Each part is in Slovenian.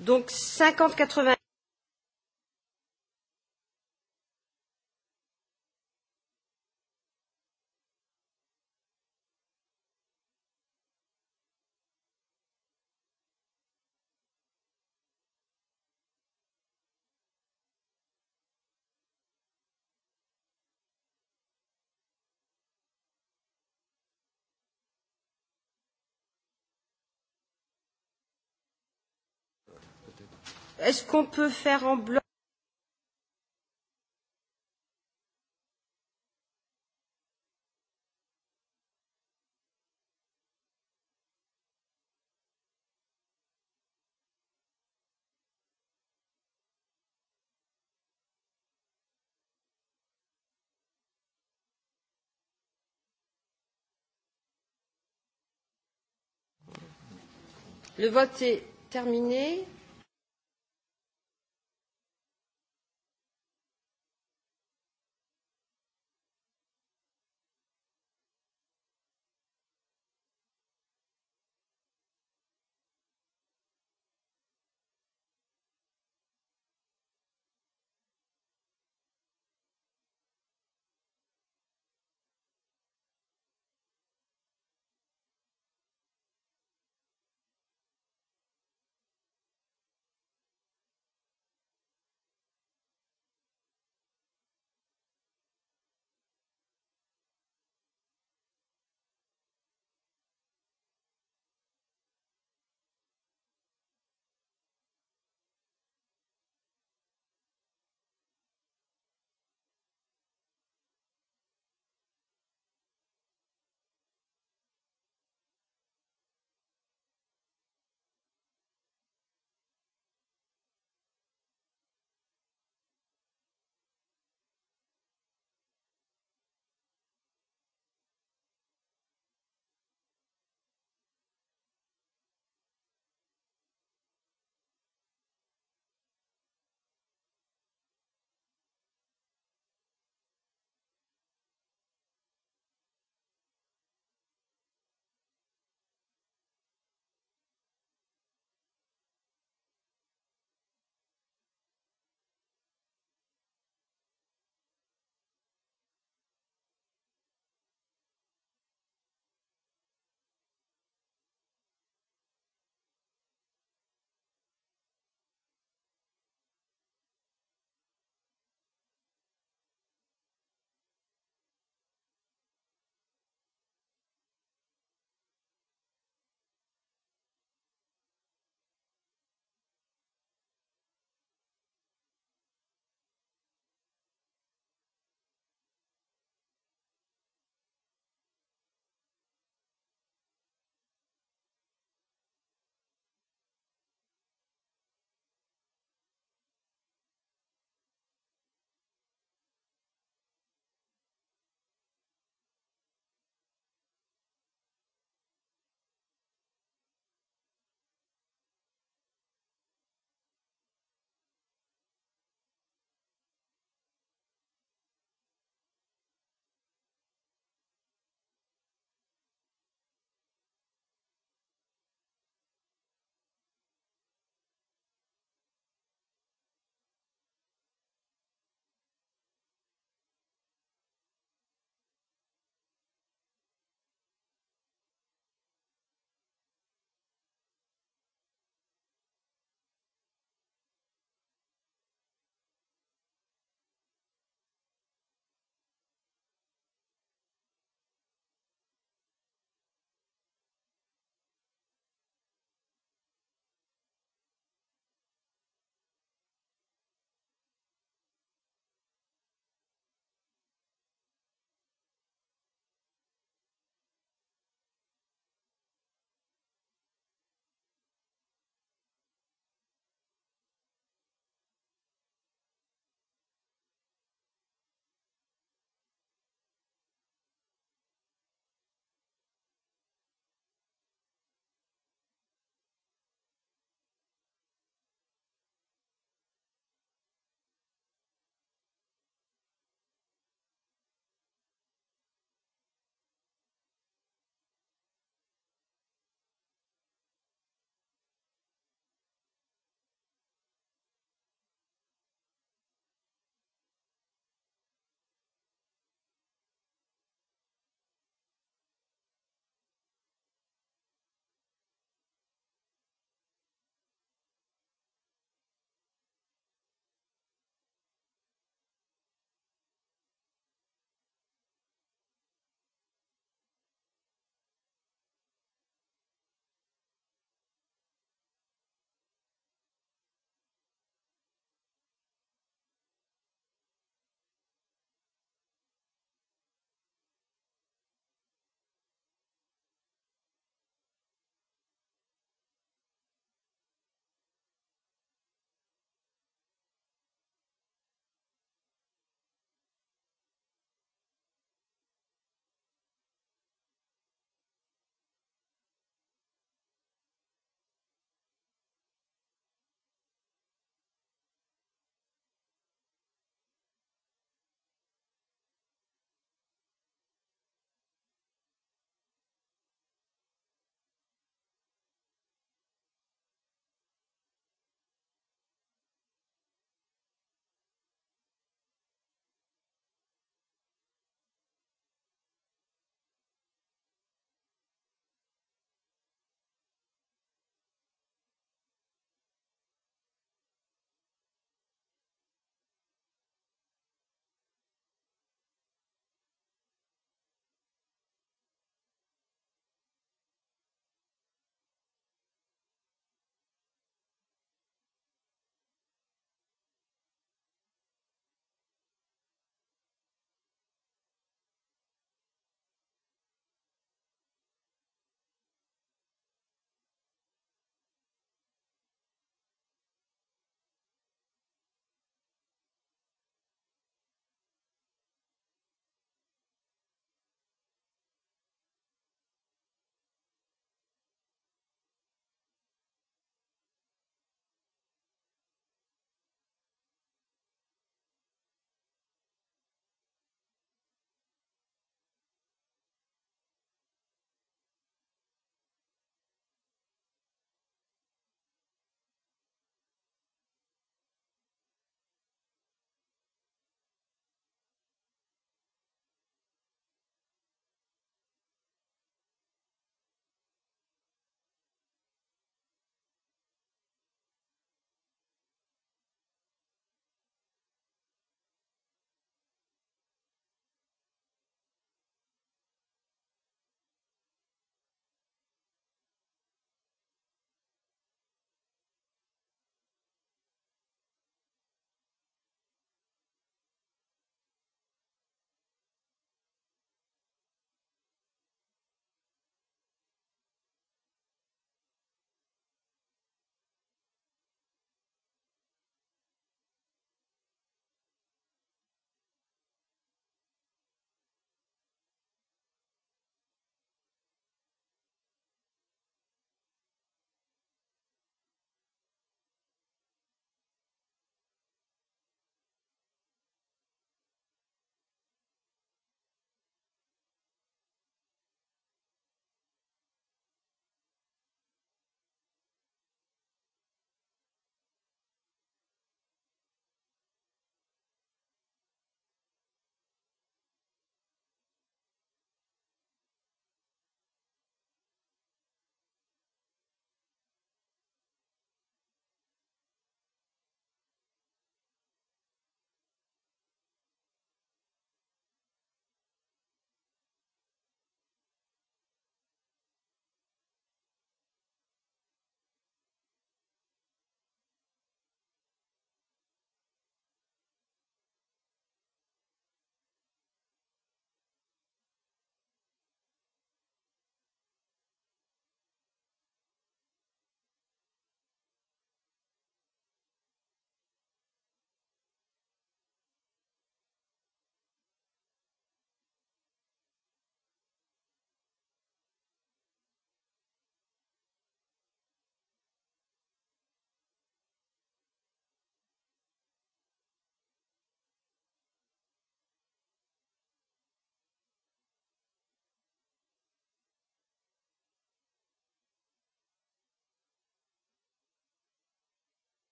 Donc 50-80. Est-ce qu'on peut faire en bloc Le vote est terminé.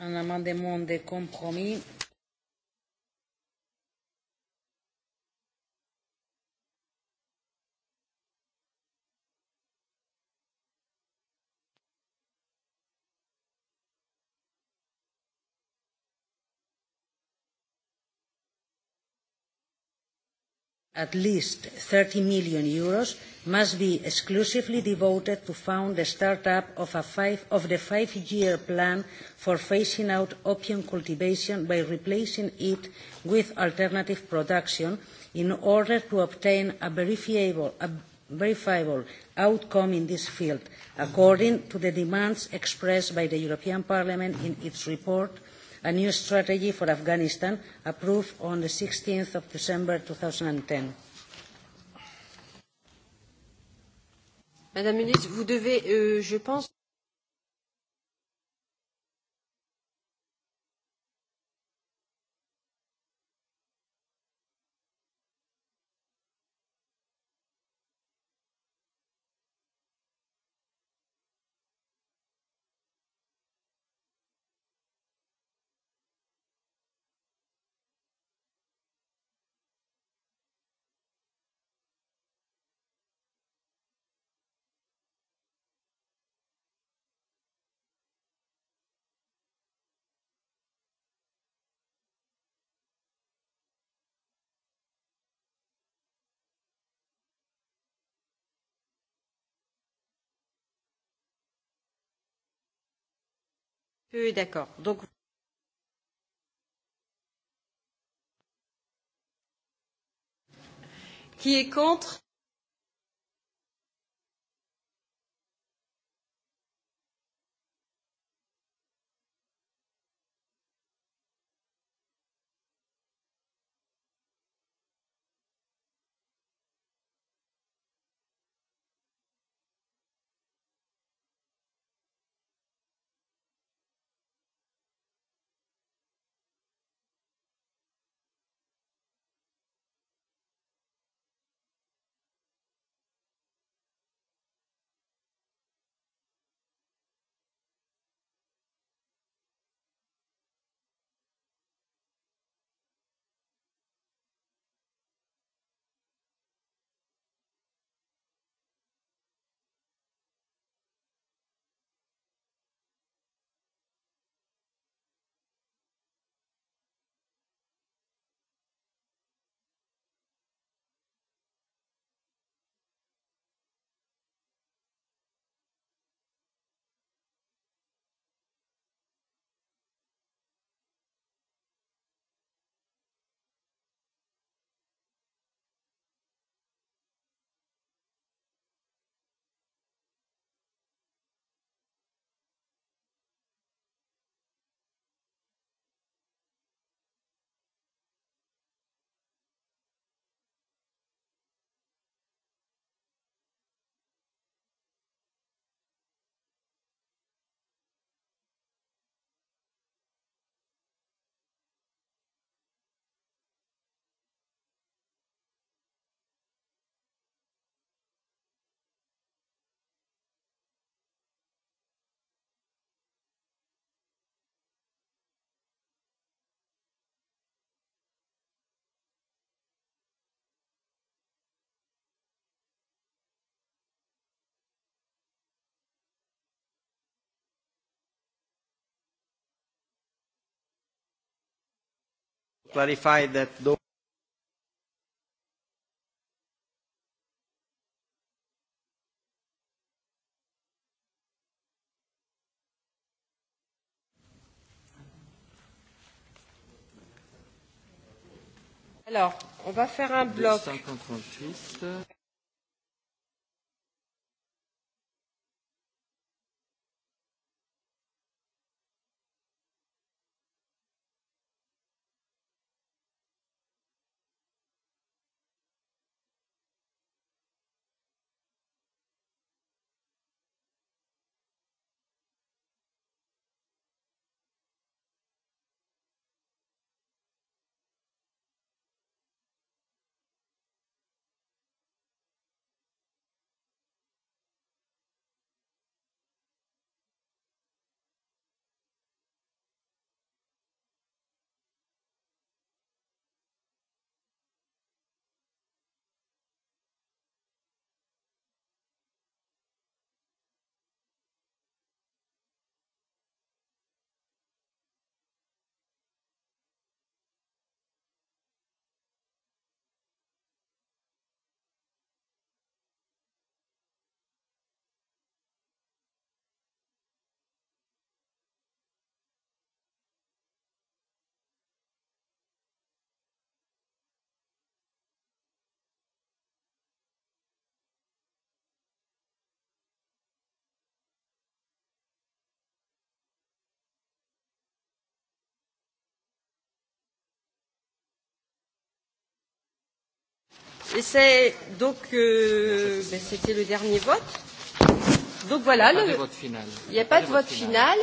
un amendement de compromis at least 30 million euros must be exclusively devoted to fund the start-up of, a five, of the five-year plan for phasing out opium cultivation by replacing it with alternative production in order to obtain a verifiable, a verifiable outcome in this field, according to the demands expressed by the European Parliament in its report a new strategy for Afghanistan approved on the 16th of December 2010. Madame la ministre, vous devez, euh, je pense. Plus d'accord. Donc... Qui est contre clarify that those Alors, on va faire un bloc. Et c'est donc euh, ben, c'était le dernier vote. Donc voilà, il n'y a, le... a pas de vote final. final.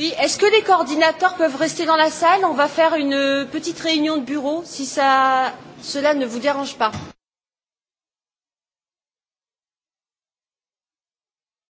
Oui, est-ce que les coordinateurs peuvent rester dans la salle On va faire une petite réunion de bureau si ça, cela ne vous dérange pas.